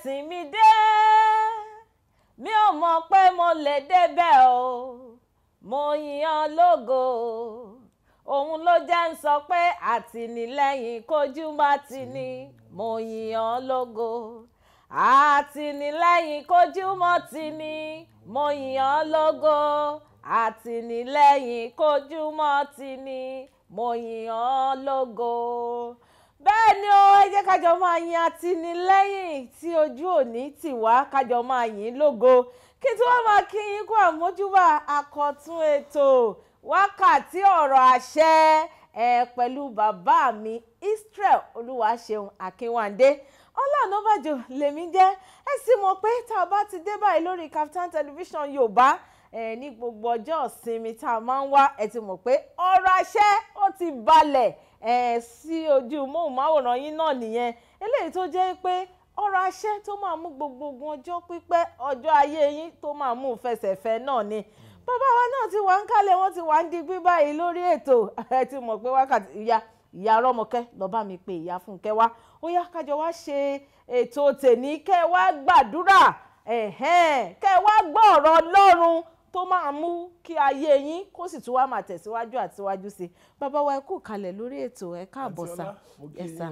ẹ̀sìn mi dé mi ò mọ̀ pé mo lè débẹ̀ o mo yàn lógo òun ló jẹ́ ń sọ pé àtìlẹ́yìn kojú má mo yàn lógo àtìlẹ́yìn kojú mọ́ ti mo yàn lógo àtìlẹ́yìn kojú mọ́ ti mo yàn lógo bẹ́ẹ̀ ni o ẹ jẹ́ kájọ máa yin atìnílẹ́yìn tí ojú òní tì wá kájọ máa yìn lógo kí tí wọ́n máa kí yín kó àmójúbà àkọ́tún ètò wákàtí ọ̀rọ̀ àṣẹ ẹ pẹ̀lú bàbá mi Israel Olúwaṣeun Akínwándé Ọlánàbàjò lèmi jẹ́ ẹ sì mọ̀ pé tá a bá ti dé báyìí lórí Kaftan Television Yorùbá ẹ ní gbogbo ọjọ́ ìsinmi tá a máa ń wá ẹ ti mọ̀ pé ọ̀rọ̀ àṣẹ ó ti balẹ̀ sí ojú móhùnmáwòrán yín náà nìyẹn eléyìí tó jẹ́ pé ọ̀rọ̀ àṣẹ tó máa mú gbogbo ogun ọjọ́ pípẹ́ ọjọ́ ayé yín tó máa mú fẹsẹ̀fẹ́ náà ni bàbá wa náà ti wà ń kálẹ̀ wọ́n ti wà ń digbí báyìí lórí ètò ẹ ti mọ̀ pé wákàtí ìyá ìyá rọ́mọkẹ́ lọ bá mi pé ìyá fúnkẹ́ wá ó yá kájọ wá ṣe ètò tèmi kẹ́ wá gbàdúrà kẹ́ wá gbọ́ ọ̀rọ̀ ọlọ́run tó máa mú kí ayé yín kó sì tún wá máa tẹ̀síwájú àtiwájú sí i bàbá wa ẹ kú kalẹ̀ lórí ètò ẹ káàbọ̀ sá ẹ sá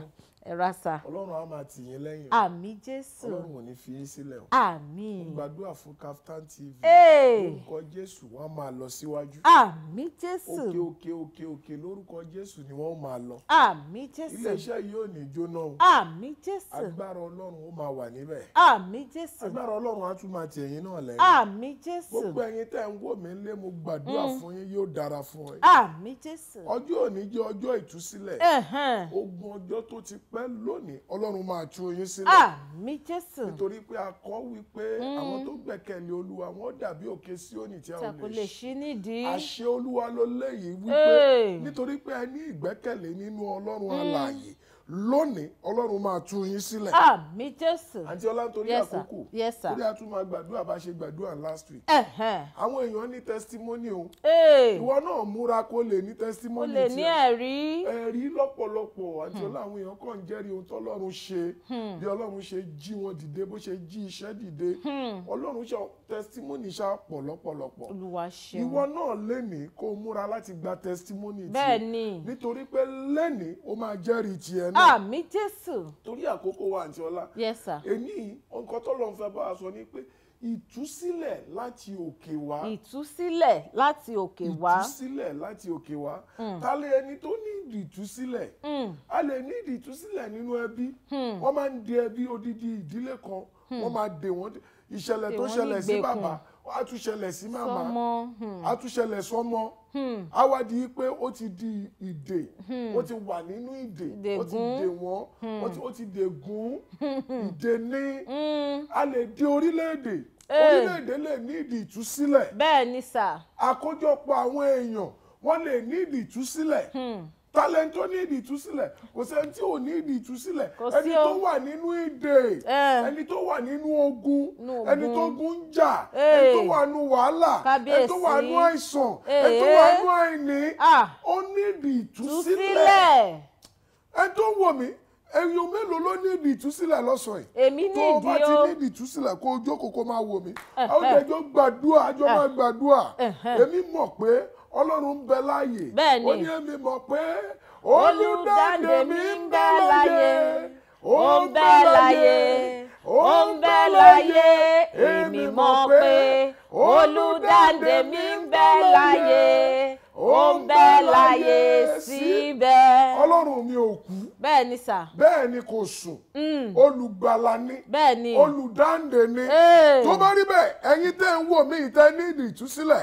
ẹ ra sa. ọlọ́run á máa tì yín lẹ́yìn. àmì jésù ọlọ́run ò ní fi yín sílẹ̀ o. àmì. gbàdúrà fún Kaftan TV. lórúkọ jésù wọn máa lọ síwájú. àmì jésù. òkè òkè òkè òkè lórúkọ jésù ni wọ́n máa lọ. àmì jésù. iléeṣẹ́ yìí ò ní jóná o. àmì jésù. agbára ọlọ́run ó máa wà níbẹ̀. àmì jésù. agbára ọlọ́run á tún máa tì ẹ̀yin náà lẹ́yìn. àmì jésù. gbogbo ẹ̀yin tẹ́ ń wò mí lé mo gbàdúrà mm. fún yín yóò dára fún pé lónìí ọlọ́run máa tú yín sílẹ̀. àmì ah, jésù. nítorí pé a kọ́ wípé hmm. àwọn tó gbẹ̀kẹ̀lé olúwa wọn dàbí òkè síónì tí a ò lè ṣí nídìí. àṣẹ olúwa ló léyìí wípé nítorí pé a ní ìgbẹ́kẹ̀lé nínú ọlọ́run hmm. alààyè lónìí ọlọ́run máa tú yín sílẹ̀. àmì jésù. àǹtí ọlá nítorí àkókò torí a tún máa gbàdúrà bá ṣe gbàdúrà last week. àwọn èèyàn ní testimony o. ìwọ náà múra kó lè ní testimony tiẹ. o lè ní ẹ̀rí. ẹ̀rí lọ́pọ̀lọpọ̀ àǹtí hmm. ọlá àwọn èèyàn kàn ń jẹ́rìí ohun tọ́lọ́run ṣe hmm. bí ọlọ́run ṣe jí wọn dìde bó ṣe jí iṣẹ́ dìde hmm. ọlọ́run ṣe testimony ṣá pọ̀ lọ́pọ̀lọpọ̀. ìwọ náà lẹ́nìí kó múra láti gba testimony tiẹ nítorí pé lẹ́nìí ó máa jẹ́rìí tiẹ àmì jésù. torí àkókò wa àǹtí ọlá. yes sir. èmi nǹkan tó lọ́n fẹ́ bá a sọ ni pé ìtúsílẹ̀ láti òkè wá. ìtúsílẹ̀ láti òkè wá. ìtúsílẹ̀ láti òkè wá. Hmm. ta lè ẹni tó ní ìtúsílẹ̀. Hmm. a lè ní ìtúsílẹ̀ nínú ẹbí. Hmm. wọ́n máa ń di ẹbí odidi ìdílé kan. wọ́n máa de wọ́n ìṣẹ̀lẹ̀ tó ṣẹlẹ̀ sí bàbá a tún ṣẹlẹ̀ sí màmá a tún ṣẹlẹ̀ á hmm. wá di pé ó ti di ìdè hmm. ó ti wà nínú ìdè hmm. ó ti dè wọ́n ó ti dègún ìdè ní a lè di orílẹ̀-èdè eh. orílẹ̀-èdè lè ní ìdí ìtúsílẹ̀ bẹ́ẹ̀ ni sà àkójọpọ̀ àwọn èèyàn wọ́n lè ní ìdí ìtúsílẹ̀. Hmm talent tó ní ìdí ìtúsílẹ̀ kò sẹ́ni tí ò ní ìdí ìtúsílẹ̀ ẹni tó wà nínú ìdè eh. ẹni tó wà nínú ogun ẹni tó gun ń jà ẹni eh. tó wà nínú wàhálà ẹni tó wà nínú àìsàn ẹni tó wà eh. nínú àìní ah. ó ní ìdí ìtúsílẹ̀ ẹni tó wọ̀ mí ẹyin mélòó ló ní ìdí ìtúsílẹ̀ lọ́sàn yìí èmi ní ìdí o tó o bá ti ní ìdí ìtúsílẹ̀ kó o jókòó kó o máa wò mí àwọn ìdẹjọ gbàdúrà àjọ máa gbàdúrà èmi mọ̀ pé ọlọ́run ń bẹ láàyè ó ní èmi mọ̀ pé olùdáǹdè mi ń bẹ láàyè ó ń bẹ láàyè ó ń bẹ láàyè èmi mọ̀ pé olùdáǹdè mi ń bẹ láàyè ó ń bẹ láàyè síbẹ̀. ọlọ́run mi ò kú bẹ́ẹ̀ ni sà. bẹ́ẹ̀ ni kò sùn mm. olùgbàlà ni bẹ́ẹ̀ ni olùdáǹdè ni tó bá rí bẹ́ẹ̀ ẹ̀yin tẹ́ ń wò mí ìtẹ́ ní ìdí ìtúsílẹ̀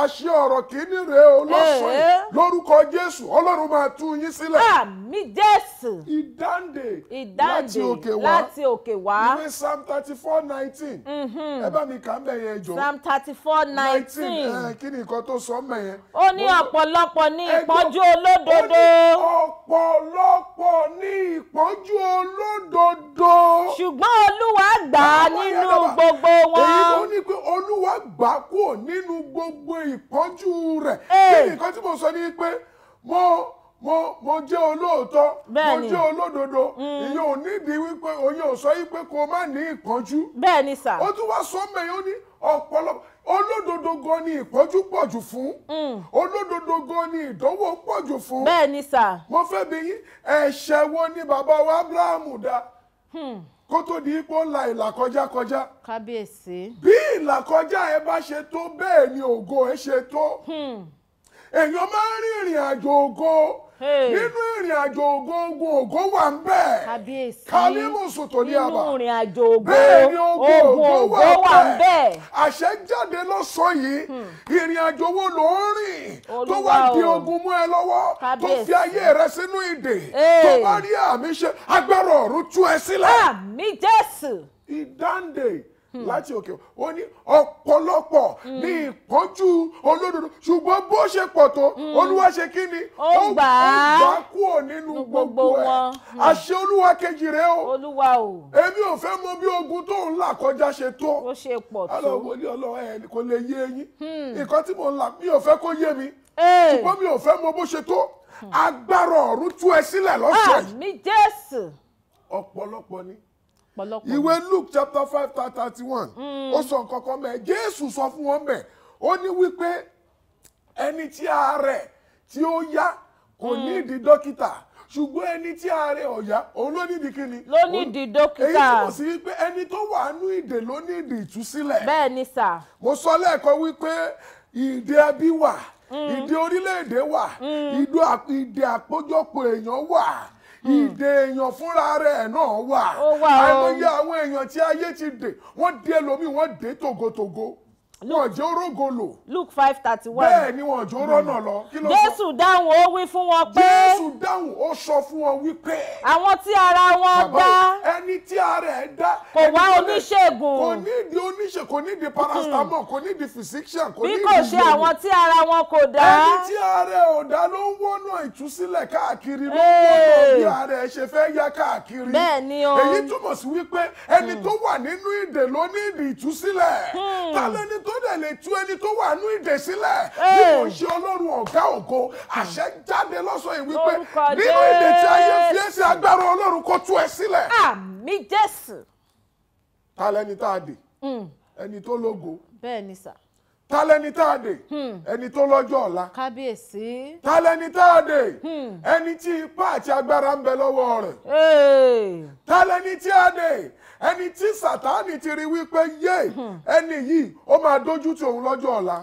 àṣẹ ọ̀rọ̀ kìíní rèé olóṣèlú lórúkọ jésù ọlọ́run máa tú yín sílẹ̀. àmì jésù. ìdáǹdè láti láti òkè wá ìwé psalm thirty four nineteen mm-hmm. ẹ bá mi kà ń bẹ̀ jọ psalm thirty four nineteen eh, kí ni nǹkan tó sọ mẹ́yẹn. ó ní ọ̀pọ̀lọpọ̀ ní ìpọ́njú olódodo. ó ní ọ̀pọ̀lọpọ̀ ní ìpọ́njú olódodo. ṣùgbọ́n olúwa gbà á nínú gbogbo wọn. èyí ló ní pé olúwa gbà á kúrò nínú gbogbo ìpọ́njú rẹ̀. bí nǹkan tí mo sọ ni pé mo mo mo jẹ olóòótọ mo jẹ olódodo mm. ìyẹn ò nídìí wípé òye ò sọ yìí pé kó o má ní ìpọnjú. bẹẹni sà. o tún wá sọ mẹyìn ó ní ọpọlọpọ olódodo gan ni ìpọ́njú pọ̀jù fún hmm. olódodo gan ni ìdánwò pọ̀jù fún. bẹ́ẹ̀ ni sà. mo fẹ́ bi yín ẹ̀ṣẹ̀ wo ni bàbá wa Abrahamu dá hmm. kó tó di ipò la ìlàkọjá kọjá. kábíyèsí. bí ìlàkọjá ẹ bá ṣe tó bẹ́ẹ̀ ni ògo ẹ ṣe tó. Hmm èèyàn máa ń rin ìrìn àjò ògo nínú ìrìn àjò ògo ogun ògo wà ń bẹ̀ kálímù sòtò ní àbá bẹ́ẹ̀ ni ogun ògo wà ń bẹ̀ àṣẹ jáde lọ́sàn-án yìí hmm. ìrìn àjò wo ló ń rìn tó wá di ogun mú ẹ lọ́wọ́ tó fi ayé rẹ sínú ìdè tó bá rí àmì ṣe agbára ọ̀run tú ẹ sílẹ̀. àmì jésù. ìdáǹdè. Hmm. láti òkè ó ní ọ̀pọ̀lọpọ̀ hmm. ní ìpọ́njú olódodo ṣùgbọ́n bó ṣe pọ̀ tó hmm. olúwa ṣe kí ni ó gbà á kúrò nínú gbogbo ẹ̀ àṣẹ olúwa kejì rẹ o olúwa o èmi ò fẹ́ mọ bí ogun tó ń là kọjá ṣe tó ó ṣe pọ̀ tó ọlọ́wọ́ ní ọlọ́wọ́ ẹ̀ kò lè yé eyín nǹkan tí mo ń là mi ò fẹ́ kó yé mi eh. ṣùgbọ́n mi ò fẹ́ mọ bó ṣe tó agbára ọ̀run tú ẹ sílẹ̀ lọ́sẹ̀ yìí ah, ọ̀pọ̀lọpọ̀ ni ìwé Luke chapter five thirty one hmm. ó sọ nǹkan kan mẹ́ Jésù sọ fún wọn mẹ́ ó ní wípé ẹni tí àárẹ̀ tí ó yá kò hmm. ní ìdí dókítà ṣùgbọ́n ẹni tí àárẹ̀ ọ̀yá òun ló ní ìdí kíni. ló ní ìdí dókítà èyí túmọ̀ sí wípé ẹni tó wà nú ìdè ló ní ìdí ìtúsílẹ̀. bẹ́ẹ̀ ni sà. mo sọ lẹ́ẹ̀kan wípé ìdè ẹbí wà hmm. ìdè orílẹ̀-èdè wà ìdè àkójọpọ̀ èèyàn wà Hmm. ìdè èèyàn fúnra rẹ̀ náà wà àìmọye àwọn èèyàn tí ayé ti dè wọ́n dé lomi wọ́n dé tògótògó wọn jẹ́ orógo lò. luke five thirty one. bẹ́ẹ̀ wọn jẹ́ orọ́nà lọ. jésù dáhùn ó wí fún wọn pé. jésù dáhùn ó sọ fún wọn wípé. àwọn tí ara wọn dá. ẹni tí ara ẹ̀ dá. kò wá oníṣègùn. kò nídìí oníṣègùn kò nídìí paracetamol kò nídìí physician kò nídìí. bí kò ṣe àwọn tí ara wọn kò dá. ẹni tí ara ẹ̀ ò dá ló ń wọ́nà ìtúsílẹ̀ káàkiri ló ń wọ́nà bí ara ẹ̀ ṣe fẹ́ yá káàkiri. bẹ́ẹ̀ o. èyí túmọ̀ sí wípé ẹni hmm. tó wà nínú ìdè ló ní ìdí ìtúsílẹ̀. Hmm. tálẹ́ni tó dẹ̀ lè tú ẹni tó wà ní ìdẹ̀sílẹ̀ bí mo ṣe ọlọ́run ọ̀gá ògo àṣẹ jáde lọ́sọ̀ yìí wípé nínú ìdè tí ayé fi ẹ́ sí agbára ọlọ́run kó tú ẹ sílẹ̀. àmì jésù. ta lẹni tá a dè hmm. ẹni tó lógo. bẹ́ẹ̀ ni sà tálẹ́ni táàdè hmm. ẹni tó lọ́jọ́ ọ̀la kábíyèsí tálẹ́ni táàdè hmm. ẹni tí ipá àti agbára ń bẹ lọ́wọ́ rẹ̀ tálẹ́ni táàdè ẹni tí sàtáàni ti rí wípé yé hmm. ẹni yìí ó máa dójú tì òun lọ́jọ́ ọ̀la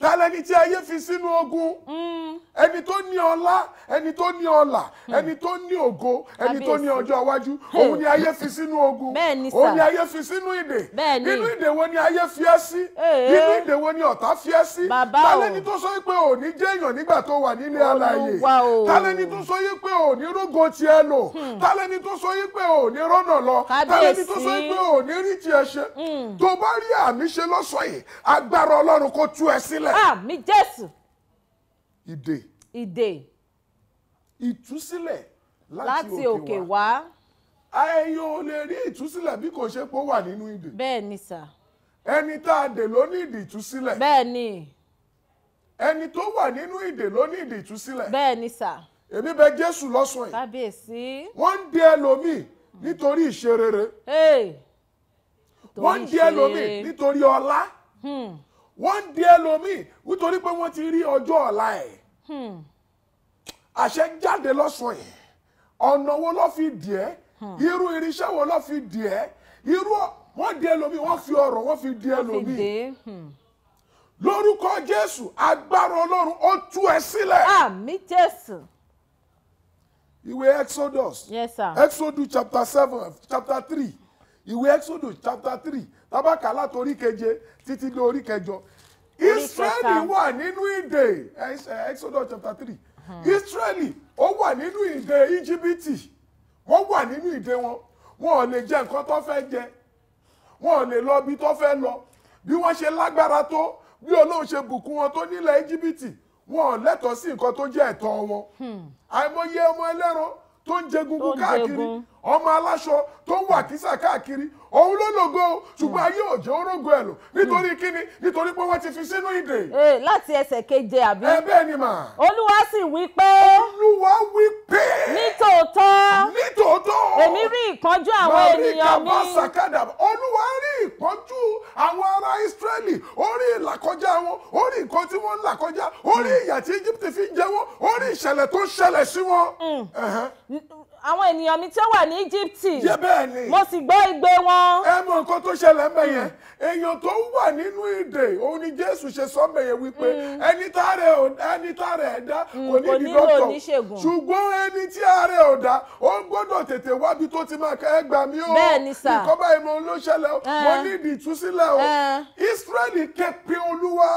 ta lẹni tí ayé fi sínú ogun mm. ẹni tó ní ọlá ẹni tó ní ọlà mm. ẹni tó ní ògo ẹni tó ní ọjọ́ iwájú òun ni ayé fi sínú ogun òun ni ayé fi sínú ìdè nínú ìdè wo ni ayé fi ẹ́ sí nínú ìdè wo ni ọ̀tá fi ẹ́ sí ta lẹni tó sọ pé ò ní jẹ́ èèyàn nígbà tó wà nílé alààyè ta lẹ́ni tó sọ yí pé ò ní rúgo tiẹ̀ lò hmm. ta tó sọ pé ò rọ́nà lọ ta tó sọ pé ò rí tiẹ̀ ṣe hmm. tó bá rí àmì ṣe lọ́sọ̀ yìí agbára Ọlọ́run kó tú ẹ sílẹ̀ sílẹ̀. àmì ah, jésù. ìdè. ìdè. ìtúsílẹ̀ láti òkè wá. ẹ̀yin ò lè rí ìtúsílẹ̀ bí kò ṣe pé ó wà nínú ìdè. bẹ́ẹ̀ ni sà. ẹni tá a dè ló ní ìdè ìtúsílẹ̀. bẹ́ẹ̀ ni. ẹni tó wà nínú ìdè ló ní ìdè ìtúsílẹ̀. bẹ́ẹ̀ ni sà. èmi bẹ jésù lọ́sàn-án yìí. kábíyèsí. wọ́n ń dè ẹlòmíì nítorí ìṣerere. Hey wọ́n ń di ẹlòmíì nítorí ọlá hmm wọ́n di ẹlòmíì nítorí pé wọ́n ti rí ọjọ́ ọ̀la ẹ̀ hmm. àṣẹ jáde lọ́sàn yìí ọ̀nà wo ló fi dì ẹ́ hmm. irú irinṣẹ́ wo ló fi dì ẹ́ irú wọ́n di ẹlòmíì wọ́n fi ọ̀rọ̀ wọ́n fi di ẹlòmíì hmm. lórúkọ Jésù agbára Ọlọ́run ó tú ẹ sílẹ̀. àmín Jésù. ìwé Exodus yes, sir. Exodus chapter seven chapter three ìwé exodus chapter three tábàkà látòrí keje títí dé orí kẹjọ israeli wà nínú ìdè exodus chapter three israeli hmm. ó wà nínú ìdè íjíbítì wọ́n wà nínú ìdè wọn wọn ò lè jẹ nǹkan tó fẹ́ jẹ wọn ò lè lọ ibi tó fẹ́ lọ bí wọ́n ṣe lágbára tó bí olóhùn ṣe bùkún wọn tó nílẹ̀ íjíbítì wọn ò lẹ́tọ̀ọ́ sí nǹkan tó jẹ́ ẹ̀tọ́ wọn hmm. àìmọye ọmọ ẹlẹ́ran tó ń jẹgungun káàkiri ọmọ aláṣọ tó ń wà kísà káàkiri òun ló lògo ṣùgbọ́n hmm. ayé òjò orógo ẹ̀ lò hmm. nítorí kíni nítorí pé wọ́n ti fi sínú ìdè. ee láti ẹsẹ̀ keje àbí. ẹ bẹ́ẹ̀ ni mà. olúwa sì wí pé. olúwa wí pé. nítòótọ́. nítòótọ́. èmi rí ìkánjú àwọn ènìyàn mi. màrí kàbá sàkádà olúwa rí ìkánjú àwọn ará ìsírẹ́lì orí ìlàkọjá wọn orí nǹkan tí wọ́n ń là kọjá orí hmm. ìyà tí egypt fi jẹ wọ́n orí ìṣẹ̀lẹ̀ tó ṣẹlẹ̀ sí wọn. àwọn ènìyàn mi tí ó wà ní egypt. yẹ bẹ́ẹ̀ ni. mo sì gbọ́ igbe wọn o. ẹ mọ nǹkan tó ṣẹlẹ̀ mẹ́ yẹn mm. èèyàn tó wà nínú ìdè òun ni jésù ṣe sọ mẹ́ yẹn wípé mm. ẹni tá rẹ̀ ẹni tá rẹ̀ dá mm, kò ní di dọ́tọ̀ ṣùgbọ́n ẹni tí àárẹ̀ ò dá ó gbọ́dọ̀ tètè wábi tó ti máa kẹ́ ẹ gbà mí o nǹkan báyìí mo ló ṣẹlẹ̀ o mo ní ìdí ìtúsílẹ̀ o Ísírẹ́lì ké pe olúwa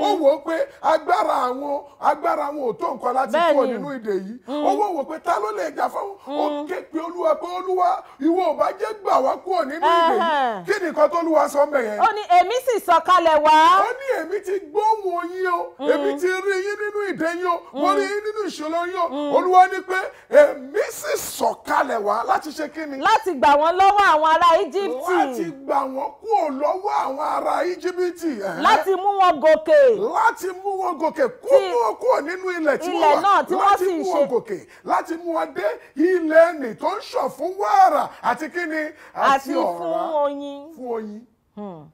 ó wò ó pé agbára àwọn agbára àwọn ò tó nǹkan láti kúrò nínú ìdè yìí ó wò wò pé ta ló lè jà fáwọn ó ké pe olúwa pé olúwa ìwọ ò bá jẹ́ gbà wá kúrò nínú ìgbè kí nìkan tó lúwa sọ mbẹ yẹn. ó ní èmi sì sọ̀kalẹ̀ wá. ó ní èmi ti gbóhùn yín o mm. èmi ti rí yín nínú ìdè yín o mm. mo rí yín nínú ìṣòro yín o mm. olúwa ní pé èmi sì sọ̀kalẹ̀ wá láti ṣe kí ni. láti gbà wọ́n lọ́wọ́ àwọn ará íjíbítì. láti gbà wọ́n kúrò lọ́wọ́ àwọn ará íjíbítì. láti mú wọn gòkè. láti mú wọn gòkè kúrò nínú ilẹ̀ tí wọ́n wà láti mú wọn gòkè láti mú wọn dé ilẹ̀ ẹni tó ń ṣọ̀fún wàrà àti kí ni àti ọ̀rọ̀ ọ̀rá fún oyin hmm.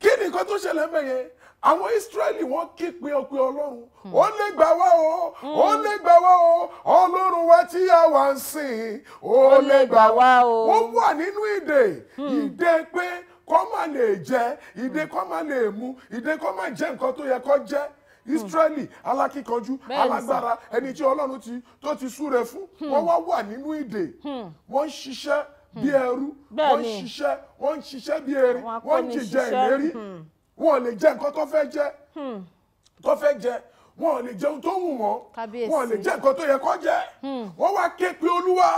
kí ni nǹkan tó ṣẹlẹ̀ mẹ́yẹn àwọn Ísírẹ́lì wọ́n ké pe ọpẹ́ Ọlọ́run hmm. ó lè gbà wá o ó hmm. lè gbà wá o Ọlọ́run wa tí a wà ń sìn ó lè gbà wá o wọ́n wà nínú ìdè ìdè pé kọ́ máa lè jẹ ìdè kọ́ máa lè mu ìdè kọ́ máa jẹ nǹkan tó yẹ kó jẹ israeli alákíkanjú alágbára ẹni tí ọlọ́run tó ti súre fún wọ́n wá wà nínú ìdè wọ́n ń ṣiṣẹ́ bí hmm. ẹrú wọ́n ń ṣiṣẹ́ wọ́n ń ṣiṣẹ́ bí erin wọ́n ń jìjẹ ìlérí hmm. wọn ò lè jẹ nǹkan tó fẹ́ jẹ hmm. tó fẹ́ jẹ wọn ò lè jẹun tó wù wọ́n wọn ò lè jẹ nǹkan tó yẹ kó jẹ wọ́n wá ké pe olúwa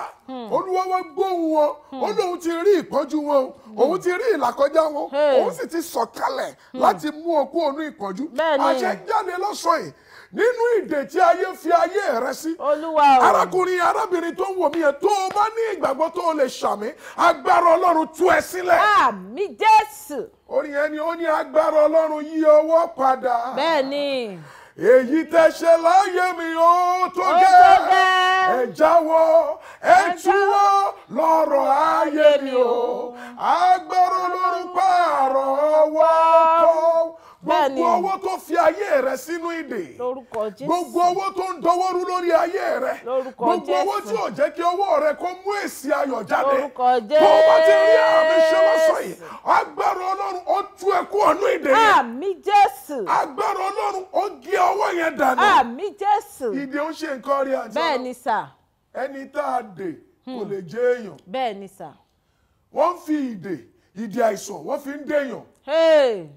olúwa wá gbóhùn wọn ó lóun ti rí ìpọ́njú wọn òun ti rí ìlàkọjá wọn òun sì ti sọ̀kalẹ̀ láti mú òkú ònú ìpọ́njú àṣẹ jáde lọ́sàn-án nínú ìdè tí ayé fi ayé rẹ sí. olúwa o arákùnrin arábìnrin tó ń wò mí yẹn tó o bá ní ìgbàgbọ́ tó o lè ṣàmì agbára ọlọ́run tú ẹ sílẹ̀. àmì jésù. orin yẹn ó ní agbára ọlọ́run yí ọwọ́ padà. bẹ́ẹ̀ èyí tẹ ṣe láyé mi ó tó gẹ́ ẹ jáwọ́ ẹ túwọ́ lọ́rọ̀ ayé mi ó agbára ọlọ́run pààrọ̀ ọwọ́ kọ́ gbogbo owó tó fi ayé rẹ sínú ìdè gbogbo owó tó ń dọwọ́ rú lórí ayé rẹ gbogbo owó tí ò jẹ́ kí owó rẹ kó mú èsì ayọ̀ jáde tó bá ti rí àmì ṣe yìí agbára ọlọ́run ó tú ẹ ọ̀nú ìdè yẹn àmì jésù agbára ọlọ́run ó gé ọwọ́ yẹn dànù àmì jésù ìdè ó ṣe nǹkan rí àjọ bẹ́ẹ̀ sà ẹni tá a dè kò hmm. lè jẹ́ èèyàn bẹ́ẹ̀ sà wọ́n fi ìdè ìdè àìsàn wọ́n fi ń dèèyàn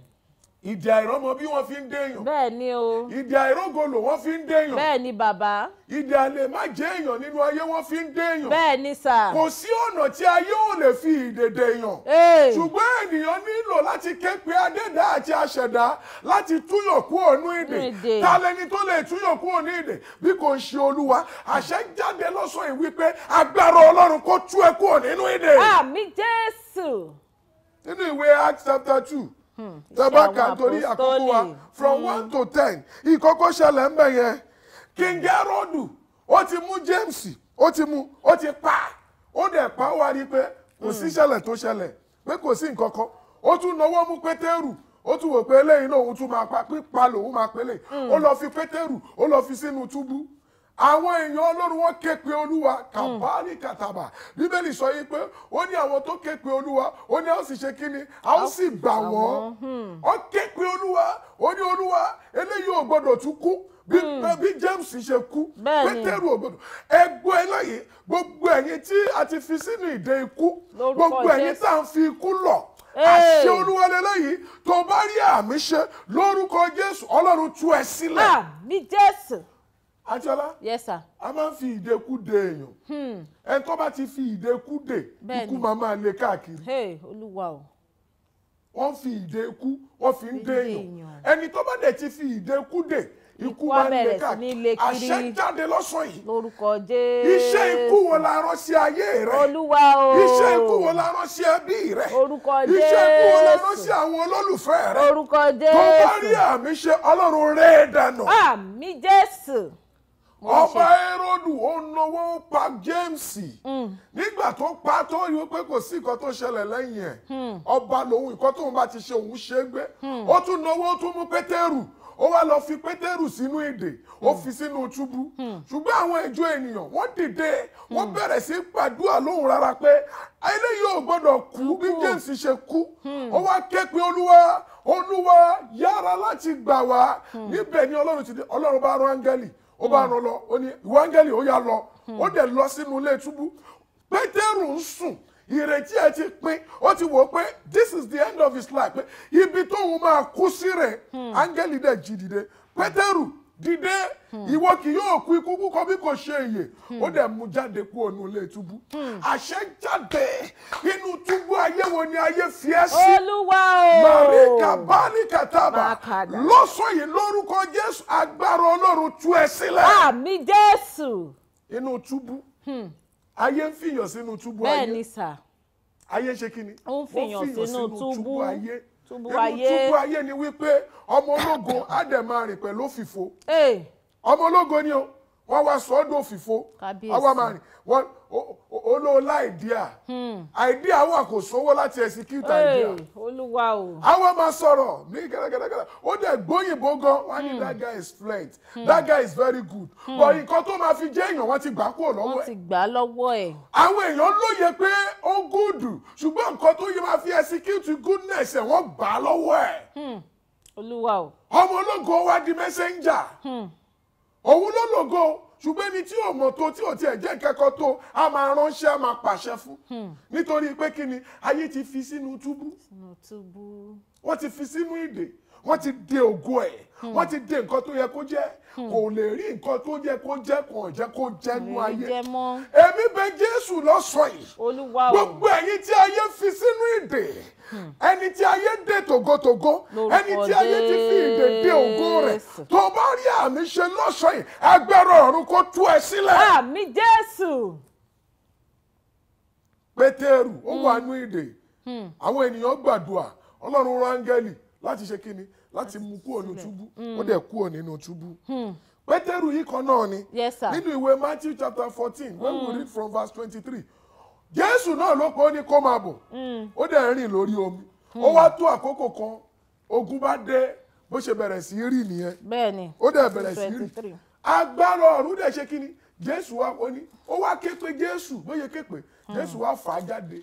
ìdí àìrọ́mọ bí wọ́n fi ń dèèyàn. bẹ́ẹ̀ ni o. ìdí àìrógolo wọ́n fi ń dèèyàn. bẹ́ẹ̀ ni bàbá. ìdí àlè má jẹ́ nínú ayé wọ́n fi ń dèèyàn. bẹ́ẹ̀ ni sà. kò sí ọ̀nà tí ayé ò lè fi ìdèdè èèyàn. ṣùgbọ́n ènìyàn nílò láti ké pe adẹ́dá àti aṣẹ̀dá láti túyàn kú ònú ìdè. ta lẹni tó lè túyàn kú ònú ìdè bí kò ń ṣe olúwa àṣẹ jáde lọ́sàn-án ìwí pé agbára ọlọ́run kó tú ẹ kú ònú ìdè. àmín jésù. nínú ìwé acts chapter two tabaka torí àkókò wa from hmm. one to ten ìkókó ṣẹlẹ̀ ń bẹ̀ yẹn King hmm. Erodu ó ti mú James ó ti mú ó ti pa ó dẹ̀ pa ó wá rí i pé kò sí hmm. ṣẹlẹ̀ tó ṣẹlẹ̀ pé kò sí nǹkan kan ó tún náwó mú Pétérù ó tún wò pé eléyìí náà òun tún máa pa pípa lòun máa pélé ó lọ fi Pétérù ó lọ fi sínú túbú àwọn èèyàn ọlọ́run wọn ké pe olúwa kàbáàlì hmm. kàtàbà bíbélì sọ yìí pé ó ní àwọn tó ké pe olúwa ó ní a ó sì ṣe kíni a ó sì gbà wọ́n hmm. ó ké pe olúwa ó ní olúwa eléyìí ò gbọdọ̀ tún kú bí hmm. eh, bí James ṣe kú pétérù ògbódò ẹgbẹ́ eléyìí gbogbo ẹ̀yin tí a ti fi sínú ìdè ikú gbogbo ẹ̀yin tá à ń fi ikú lọ àṣẹ olúwa lélẹ́yìí tó bá rí àmì ṣe lórúkọ Jésù ọlọ́run tú ẹ sílẹ̀. àmì Jésù. Àjọlá. Yes sir. A máa ń fi ìdẹ́kú de èèyàn. Hmm. Ẹni tó bá ti fi ìdẹ́kú de, ikú máa máa le káàkiri. Hey, Olúwa o. Wọ́n fi ìdẹ́kú, wọ́n fi ń de èèyàn. Ẹni tó bá dẹ̀ ti fi ìdẹ́kú de, ikú máa ń le káàkiri. Àṣẹ jáde lọ́sàn yìí. Lórúkọ Jésù. Iṣẹ́ ikú wo la rán sí ayé rẹ̀? Olúwa o. Iṣẹ́ ikú wo la rán sí ẹbí rẹ̀? Orúkọ Jésù. Iṣẹ́ ikú wo la rán sí àwọn olólùfẹ́ rẹ̀? Orúkọ Jésù. Tó bá rí àmì ọba erodu ó náwó pa James hmm. nígbà tó pa tó yìí pé kò sí nǹkan tó ṣẹlẹ̀ lẹ́yìn ẹ̀ hmm. ọba lòun nǹkan tóun bá ti ṣe òun ṣe gbé hmm. ó tún náwó ó tún mú Pétérù ó wá lọ fi pétérù sínú èdè ó fi sínú túbú ṣùgbọ́n àwọn ìjọ ènìyàn wọ́n dìde wọ́n bẹ̀rẹ̀ sí gbàdúrà lóhùn rárá pé eléyìí ò gbọ́dọ̀ kú bí James ṣe kú ó wá ké pe olúwa olúwa yára láti gbà wá níbẹ̀ ni ọlọ́run ti dé ọlọ́run bá rán áńgẹ́lì ó bá rán hmm. lọ ó ní ìwọ áńgẹ́lì ó yá lọ ó hmm. dẹ̀ lọ sínú ilé túbú pétérù ń sùn ìrètí ẹ ti pín ó ti wò ó pé this is the end of his life pé ibi tóun máa kú sí rẹ̀ hmm. áńgẹ́lì dẹ̀ jí dìde pétérù dìde hmm. ìwọ kì yóò kú ikú kúkọ bí kò ṣe ìyè hmm. ó dẹ̀ mú jáde kú ònú ilé túbú hmm. àṣẹ jáde inú túbú ayé wo ni ayé fi ẹ́ sí olúwa o màríkà báni kàtàbà lọ́sàn yìí lórúkọ jésù agbára ọlọ́run tú ẹ sílẹ̀ àmì jésù inú túbú ayé ń fìyàn sínú túbú ayé bẹ́ẹ̀ ni sà ayé ṣe kí ó ń fìyàn sínú túbú ayé túbú ayé túbú ni wípé ọmọ ológo á dẹ̀ máa rìn pẹ̀lú òfìfo ọmọ ológo ni o wọ́n wá sọ ọ́dọ̀ òfìfo ọwọ́ máa rìn wọ́n olóòlà idea hmm. idea wà kò sówó láti execute idea olúwa o àwọn máa sọ̀rọ̀ ní gẹ́gẹ́gẹ́gẹ́ ó dẹ̀ gbóyìnbó gan wọ́n ní hmm. that guy is fluent hmm. that guy is very good but nǹkan tó máa fi jẹ́ èèyàn wọ́n ti gbà kúrò lọ́wọ́ ẹ̀ wọ́n ti gbà lọ́wọ́ ẹ̀ àwọn èèyàn lóye pé ó gúdù ṣùgbọ́n nǹkan tó yẹ máa fi execute goodness ẹ̀ wọ́n gbà lọ́wọ́ ẹ̀ olúwa wa di messenger òun ló lògo ṣùgbọ́n ẹni tí ò mọ̀ tó tí ò tiẹ̀ jẹ́ ìkẹ́kọ̀ọ́ tó a máa ránṣẹ́ a máa pàṣẹ fún hmm. nítorí pé kí ni ayé ti fi sínú túbú wọ́n ti fi sínú ìdè wọ́n ti dé ògo ẹ̀ hmm. wọ́n ti dé nǹkan tó yẹ kó jẹ́ hmm. kò lè rí nǹkan tó yẹ kó jẹ́ kò jẹ́ kó jẹ́nu hmm, ayé èmi bẹ Jésù lọ́sọ̀ yìí gbogbo ẹ̀yin tí ayé fi sínú ìdè ẹni tí ayé dé tògótògó ẹni tí ayé ti fi ìdè dé ògo rẹ̀ tó bá rí àmì ṣe lọ́sọ̀ yìí agbára ọ̀run kó tú ẹ sílẹ̀. àmì Jésù. Pétérù ó wà nú ìdè àwọn ènìyàn gbàdúrà Ọlọ́run rán áńgẹ́lì láti ṣe kí ni láti mú kúrò ní túbú hmm. ó dẹ̀ kúrò nínú túbú. Hmm. pétérù yìí kan náà ni nínú ìwé matthew chapter fourteen when we hmm. read from verse twenty-three jésù náà ló kọ́ ní kó máa bọ̀ ó dẹ̀ rìn lórí omi ó wá tó àkókò kan ogun bá dé bó ṣe bẹ̀rẹ̀ sí rì nìyẹn ó dẹ̀ bẹ̀rẹ̀ sí rì agbára ọ̀run dẹ̀ ṣe kí ni jésù wá ó ní ó wá ké pé jésù bó ṣe ké pé jésù wá fà á jáde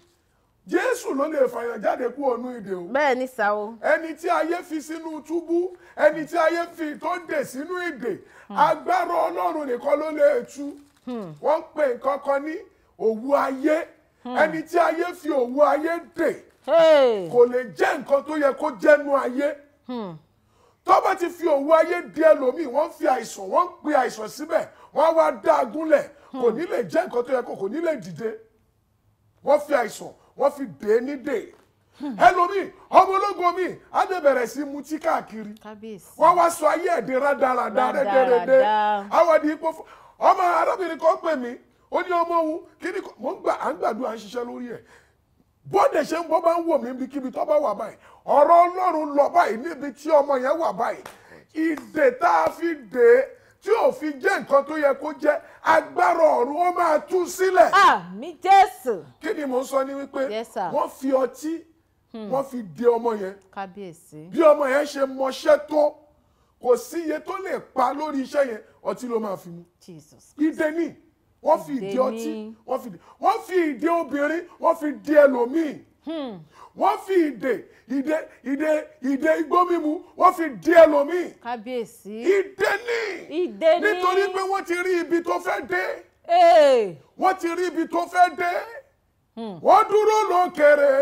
jésù ló lè fàyàn jáde kú ònú ìdè o. bẹ́ẹ̀ ni sá o. ẹni tí ayé fi sínú túbú ẹni tí ayé fi tó ń dè sínú ìdè hmm. agbára ọlọ́run nìkan ló lè tú hmm. wọ́n ń pè nǹkan kan ní òwú ayé hmm. ẹni tí ayé fi òwú ayé dè kò lè jẹ́ nǹkan tó yẹ kó jẹ́nu ayé tó ti fi òwú ayé di ẹlòmíì wọ́n fi àìsàn wọ́n ń pe àìsàn síbẹ̀ wọ́n wá dá agúnlẹ̀ kò ní lè jẹ́ nǹkan tó yẹ kó kò ní lè dìde wọ́n fi àìsàn wọ́n fi dé ní dè ẹlòmíì ọmọ ológun mi á dé bẹ̀rẹ̀ sí káàkiri wọ́n wá sọ ayé ẹ̀dín rádaràda rédèrèdè àwọn di ipò ọmọ arábìnrin kan pè mí ó ní ọmọ òun kí ni mo ń gbà ń gbàdúrà ń ṣiṣẹ́ lórí ẹ̀ ṣe ń bọ́ bá ń wò mí tó bá wà báyìí ọ̀rọ̀ tí ò fi jẹ́ nǹkan tó yẹ kó jẹ́ agbára ọ̀run ó máa tú sílẹ̀. àmín jésù. kí ni mò ń sọ ni wípé wọ́n fi ọtí hmm. wọ́n fi de ọmọ yẹn kábíyèsí bí ọmọ yẹn ṣe mọṣẹ́ tó kò sí iye tó lè pa lórí iṣẹ́ yẹn ọtí ló máa fi mu ìdè ni wọ́n fi ìdè ọtí wọ́n fi ìdè obìnrin wọ́n fi de ẹlòmíì. Hmm. wọ́n fi ìdè ìdè ìdè ìdè igbó mímu wọ́n fi dí ẹlòmíì. kábíyèsí. ìdè ni. ìdè ni. nítorí pé wọ́n ti rí ibi tó fẹ́ dé. wọ́n ti rí ibi tó fẹ́ dé. Hmm. wọ́n dúró lókèrè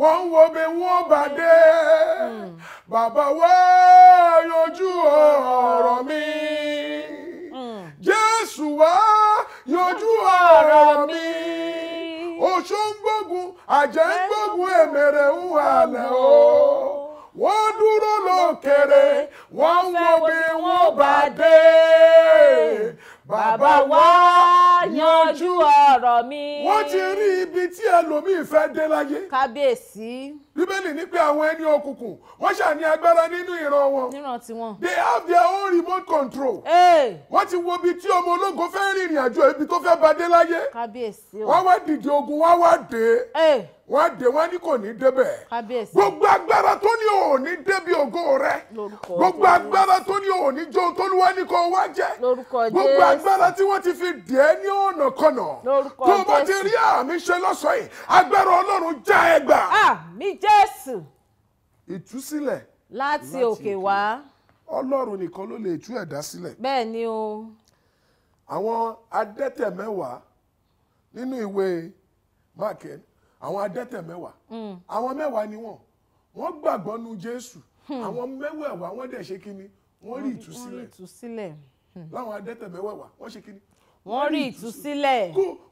wọ́n ń bí wọ́n bá dé. Hmm. bàbá wa yọjú ọ̀rọ̀ mi. jésù wa yọjú ọ̀rọ̀ mi ọ̀ṣun ń gbógun àjẹ́ ń gbógun èmèrè ń halẹ̀ o wọ́n dúró lókèrè wọ́n ń wo wọ́n bá dé bàbá wa yanjú ọ̀rọ̀ mi. wọ́n ti rí ibi tí ẹlòmíì fẹ́ dé láyé. kábíyèsí bíbélì ní pé àwọn ẹni òkùnkùn wọ́n ṣà agbára nínú ìran wọn. níran tiwọn. they have their own remote control. wọ́n ti wo ibi tí ọmọ ológo fẹ́ rìnrìn àjò ibi tó fẹ́ bá dé láyé. kábíyèsí o. wọ́n wá dìde ogun wá wá dé. wọ́n á dé wọ́n á ní kò ní débẹ̀. kábíyèsí. gbogbo agbára tó ní o ò ní débi ògo rẹ. lórúkọ gbogbo agbára tó ní o ò ní jó tólúwa ní kò wá jẹ. lórúkọ jésù. gbogbo agbára tí wọ́n ti fi dè é ní ọ̀nà kọ̀nà. lórúkọ jésù. tó o bá ti rí àmì ṣe lọ́sọ̀ọ́ yìí ah mi Jésù. ìtúsílẹ̀. láti òkè wá. ọlọ́run nìkan ló lè tú ẹ̀dá sílẹ̀. bẹ́ẹ̀ ni o. àwọn adẹ́tẹ̀ mẹ́wàá nínú ìwé máàkẹ́ àwọn adẹ́tẹ̀ mẹ́wàá hmm. àwọn mẹ́wàá ni wọ́n wọ́n gbàgbọ́ nu Jésù hmm. àwọn mẹ́wẹ̀ẹ̀wá wọ́n dẹ̀ ṣe kíni wọ́n rí ìtúsílẹ̀ hmm. láwọn adẹ́tẹ̀ mẹ́wẹ̀ẹ̀wá wọ́n ṣe kíni wọ́n rí ìtúsílẹ̀.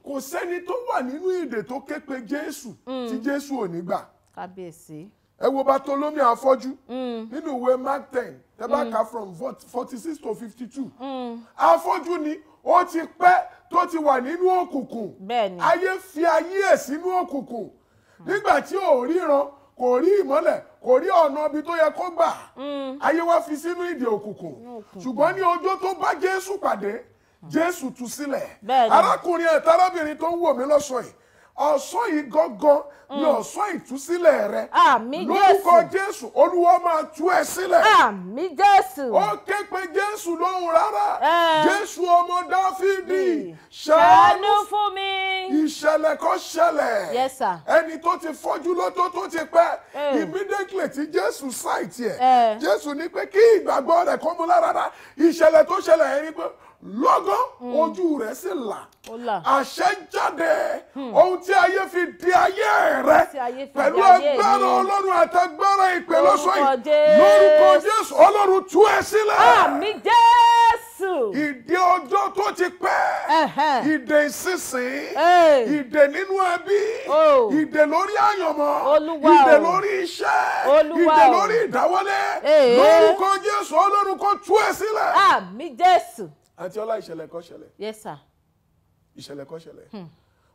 kò sẹ́ni tó wà nínú ìdè tó ké pe jésù tí jésù ò ní gbà kábíyèsí. ẹ wo Bartolome afọ́jú mm. nínú ìwé mark ten tẹ bá mm. kà from forty six to fifty two mm. afọ́jú ni ó ti pẹ́ tó ti wà nínú òkùnkùn ayé fi ayé ẹ̀ sínú òkùnkùn nígbà tí ò ríran kò rí ìmọ́lẹ̀ kò rí ọ̀nà ibi tó yẹ kó gbà ayé wá fi sínú ìdè òkùnkùn ṣùgbọ́n ní ọjọ́ tó bá Jésù pàdé Jésù tú sílẹ̀ arákùnrin ẹ̀ tárábìnrin tó ń wò mí lọ́sọ̀ọ́ yìí ọ̀sán yìí gángan ni mm. ọ̀sán ìtúsílẹ̀ rẹ lórúkọ jésù olúwa máa tú ẹ sílẹ̀ àmín jésù ó ké pe jésù lóhùn rárá jésù ọmọ dáfídì ṣàánú fún mi ìṣẹ̀lẹ̀ kan ṣẹlẹ̀ yes sir ẹni tó ti fọ́jú lọ́tọ́ tó ti pẹ́ immediately tí jésù ṣáìtì ẹ̀ jésù ní pé kí ìgbàgbọ́ rẹ̀ kó mú lára rárá ìṣẹ̀lẹ̀ tó ṣẹlẹ̀ ẹni pé lọ́gán hmm. ojú rẹ̀ sì là àṣẹ jáde hmm. ohun tí ayé fi di ayé rẹ̀ pẹ̀lú agbára ọlọ́run àtàgbára ìpè lọ́sọ̀ yìí lórúkọ jésù ọlọ́run tú ẹ sílẹ̀. àmín jésù. ìdè ọjọ́ tó ti pẹ́ ìdè ìsinsìn ìdè nínú ẹbí oh. ìdè lórí àyànmọ́ ìdè lórí iṣẹ́ ìdè lórí ìdáwọlé lórúkọ jésù ọlọ́run kó tú ẹ sílẹ̀. àmín jésù àti ọlá ìṣẹ̀lẹ̀ kan yes sir. ìṣẹ̀lẹ̀ kan ṣẹlẹ̀. Hmm.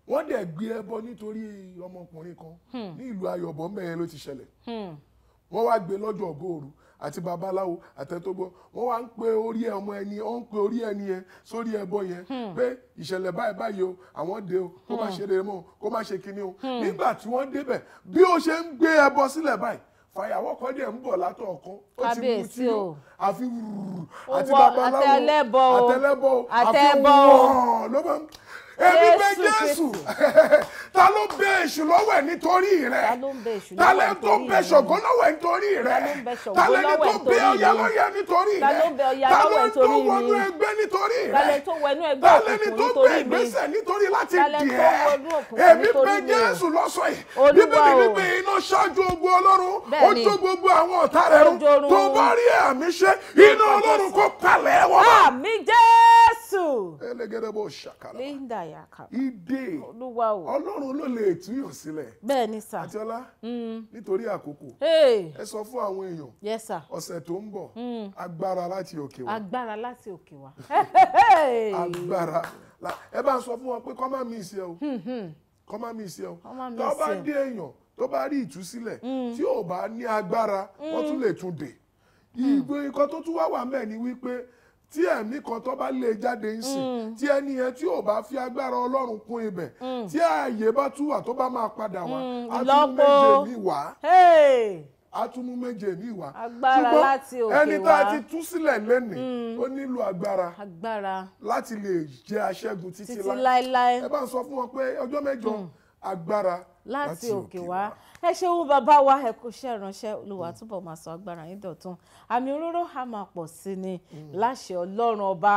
wọ́n dẹ̀ gbé ẹbọ nítorí ọmọkùnrin kan hmm. ní ìlú ayọ̀bọ mẹ́rin ló ti ṣẹlẹ̀. Hmm. wọ́n wá gbé lọ́jọ́ ògóòrú àti babaláwo àtẹtógbó wọ́n wá ń pe orí ọmọ ẹni ó ń pe orí ẹni yẹn sórí ẹbọ yẹn pé ìṣẹ̀lẹ̀ báyìí báyìí o àwọn dé o kó má ṣe rèé mọ́ kó má ṣe kinní o nígbà tí wọ́n débẹ̀ bí ó ṣe ń gbé ẹbọ sílẹ̀ báyìí fàyàwọ́ kan dẹ̀ ń bọ̀ látọ̀ ọ̀kan ó ti mú tí ó àfi wùrù àti babaláwo àtẹlẹ́bọ̀ àtẹlẹ́bọ̀ àfi wọ́n ló máa ń èmi bẹ jésù ta ló bẹ èṣù lọ́wọ́ ẹ̀ nítorí rẹ̀ ta lẹ tó bẹ ṣògo lọ́wọ́ ẹ̀ nítorí rẹ̀ ta lẹ ní tó bẹ ọ̀yà lọ́yà nítorí rẹ̀ ta ló tó wọnú ẹgbẹ́ nítorí rẹ̀ ta lẹ ní tó bẹ ìgbésẹ̀ nítorí láti dì ẹ́ èmi bẹ jésù lọ́sọ̀ yìí bíbélì ní pé iná ṣáájú ogun ọlọ́run ó jó gbogbo àwọn ọ̀tá rẹ̀ rún tó bá rí àmì ṣe iná ọlọ́run kó palẹ̀ wọn. àmì jésù. jésù. ẹlẹgẹdẹbọ ṣàkàrà. linda yakaba. Ide! olúwa o. ọlọ́run ló lè túyàn sílẹ̀. bẹ́ẹ̀ ni sà. àtiọ́lá mm. nítorí àkókò. ẹ sọ fún àwọn èèyàn. yes sà. ọ̀sẹ̀ tó ń bọ̀. Mm. agbára láti òkè wá. agbára láti òkè wá. agbára ẹ bá sọ fún wọn pé kọ́ má mi ìṣe o. Hmm, hmm. kọ́ má mi ìṣe o. tó bá dé èèyàn tó bá rí ìtúsílẹ̀ mm. tí ò bá ní agbára wọ́n tún lè tún dè. ìgbé ikọ̀ tó tún wá mẹ́ẹ̀ ni wípé tí ẹ̀mí kan tó bá lé e jáde ń sìn mm. tí ẹni yẹn tí ò bá fi agbára ọlọ́run kún ibẹ̀ mm. tí ààyè bá tún wà tó bá máa padà wá mm, atúmú méje mi wá atúmú méje mi wá ṣùgbọ́n ẹni tá a ti tú sílẹ̀ lẹ́nìí ó nílò agbára láti lè jẹ́ aṣẹ́gun títí láéláé ẹ bá ń sọ fún wọn pé ọjọ́ mẹ́jọ agbára láti òkè wá ẹ ṣeun bàbá wa ẹ kò ṣe ìránṣẹ́ olúwa túbọ̀ máa sọ agbára yín dọ̀tun àmì òróró a máa pọ̀ sí ni mm. láṣẹ ọlọ́run ọba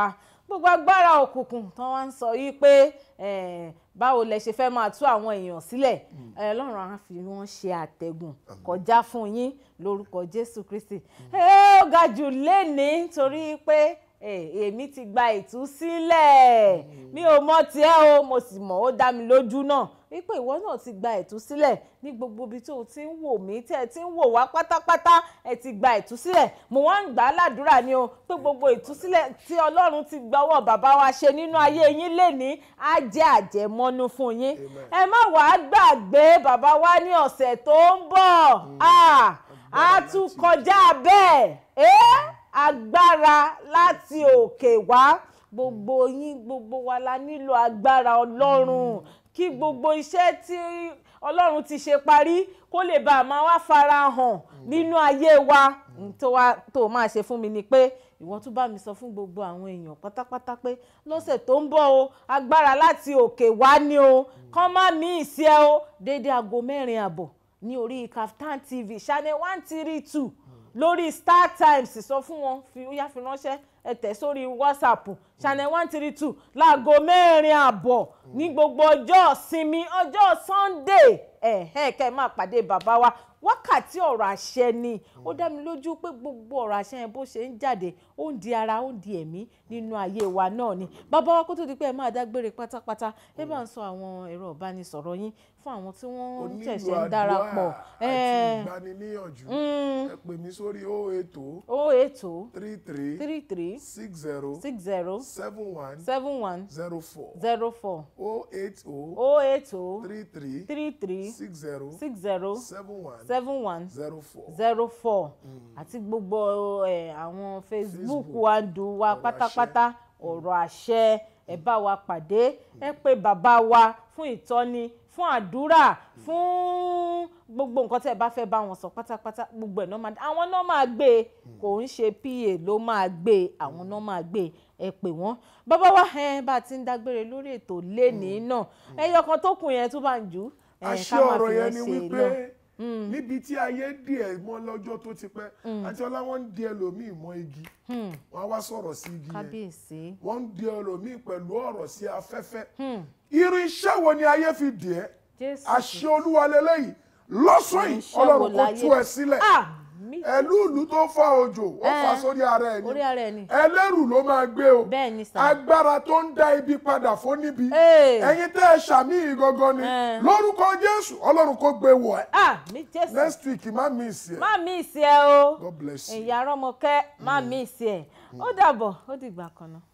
gbogbo agbára òkùnkùn tán wá ń sọ yìí pé báwo lẹ ṣe fẹ́ máa tú àwọn èèyàn sílẹ̀ mm. ọlọ́run á fi wọ́n ṣe àtẹ̀gùn kọjá fún yín lórúkọ jésù kristi mm. ẹ ó ga jù lénìí torí pé Eh, èmi ti gba ìtúsílẹ̀ mi ò mọ tiẹ̀ o mo sì mọ̀ ó dá mi lójú náà wípé ìwọ náà ti gba ìtúsílẹ̀ ní gbogbo ibi tó ti ń wò mí tẹ́ ẹ ti ń wò wá pátápátá ẹ ti gba ìtúsílẹ̀ mo wá ń gbà á ládùúrà ni o pé gbogbo ìtúsílẹ̀ tí Ọlọ́run ti gbọ́wọ́ bàbá wa ṣe nínú ayé yín lénìí á jẹ́ àjẹmọ́nú fún yín ẹ má wàá gbàgbé bàbá wa ní ọ̀sẹ̀ tó ń bọ̀ mm. ah, á tún kọjá bẹ́ẹ̀. Eh? agbára láti òkè wá gbogbo yín gbogbo wa la nílò agbára ọlọ́run mm. kí gbogbo iṣẹ́ tí ọlọ́run ti ṣe parí kó lè bá a máa wá fara hàn mm. nínú ayé wa tó máa ṣe fún mi ni pé ìwọ tún bá mi sọ fún gbogbo àwọn èèyàn pátápátá pé lọ́sẹ̀ tó ń bọ̀ o agbára láti òkè wá ni o mm. kán má mí ìsẹ́ o déédéé aago mẹ́rin àbọ̀ ní orí Kaftan TV channel one three two lórí star times sọ fún wọn fi ó yá fi ránṣẹ́ ẹ sórí whatsapp channel one three two láago mẹ́rin àbọ̀ ní gbogbo ọjọ́ ìsinmi ọjọ́ sunday ẹ̀ẹ́kẹ́ máa pàdé bàbá wa wákàtí ọ̀rọ̀ àṣẹ ni ó hmm. dá mi lójú pé gbogbo ọ̀rọ̀ àṣẹ yẹn bó ṣe ń jáde ó ń di ara ó ń di ẹ̀mí nínú ayé wa náà ni bàbá wa kó tó di pé ẹ máa dágbére pátápátá ẹ bá ń sọ àwọn ẹ̀rọ ìbánisọ̀rọ̀ yín fún àwọn tí wọ́n ṣẹ̀ṣẹ̀ ń darapọ̀. onílù àdúrà àti ìgbaniníyànjú hmm. ẹ pè mí sórí o ètò o ètò three three three three six zero six zero seven one seven one zero four zero four o oh eight o oh o oh three three three three six zero six zero seven one seven one zero four zero four mm. àti gbogbo àwọn facebook wa dùn wa pátápátá ọ̀rọ̀ àṣẹ mm. ẹ bá wa pàdé mm. ẹ pè bàbá wa fún ìtọ́ni fún àdúrà fún gbogbo nǹkan tẹ́ ẹ bá fẹ́ bá wọn sọ pátápátá gbogbo ẹ̀ náà máa àwọn náà máa gbé e kò ń ṣe pa ló máa gbé e àwọn náà gbé e ẹ pè wọ́n bàbá wa ẹ bá ti ń dágbére lórí ètò lénìí náà ẹyọ kan tó kù yẹn tó bá ń jù. àṣẹ ọ̀rọ̀ yẹn ni wípé Hmm. níbi tí ayé díẹ̀ mọ́ lọ́jọ́ tó ti pẹ́ hmm. àti ọlá wọ́n ń di ẹlòmíì mọ́ igi hmm. wọ́n á wá sọ̀rọ̀ sí igi yẹn wọ́n ń di ẹlòmíì pẹ̀lú ọ̀rọ̀ sí afẹ́fẹ́ irinṣẹ́ wo ni ayé fi dì àṣẹ olúwa lélẹ́yìí ọlọ́run kò tú ẹ sílẹ̀. Ah! elu ulu tó fa òjò ó fa eh, sórí ara ẹ orí ara ẹ ẹlẹ́rù ló máa gbé o bẹ́ẹ̀ agbára ibi padà fún níbi eh. ẹ̀yin tẹ́ ẹ ṣàmì ìgangan ni eh. lórúkọ jésù ọlọ́run kó gbé wọ̀ ẹ́ ah, next week má mi ìsì ẹ má mi ìsì o God bless you mm. mi ìsì ẹ ó dàbọ̀ ó dìgbà kan náà.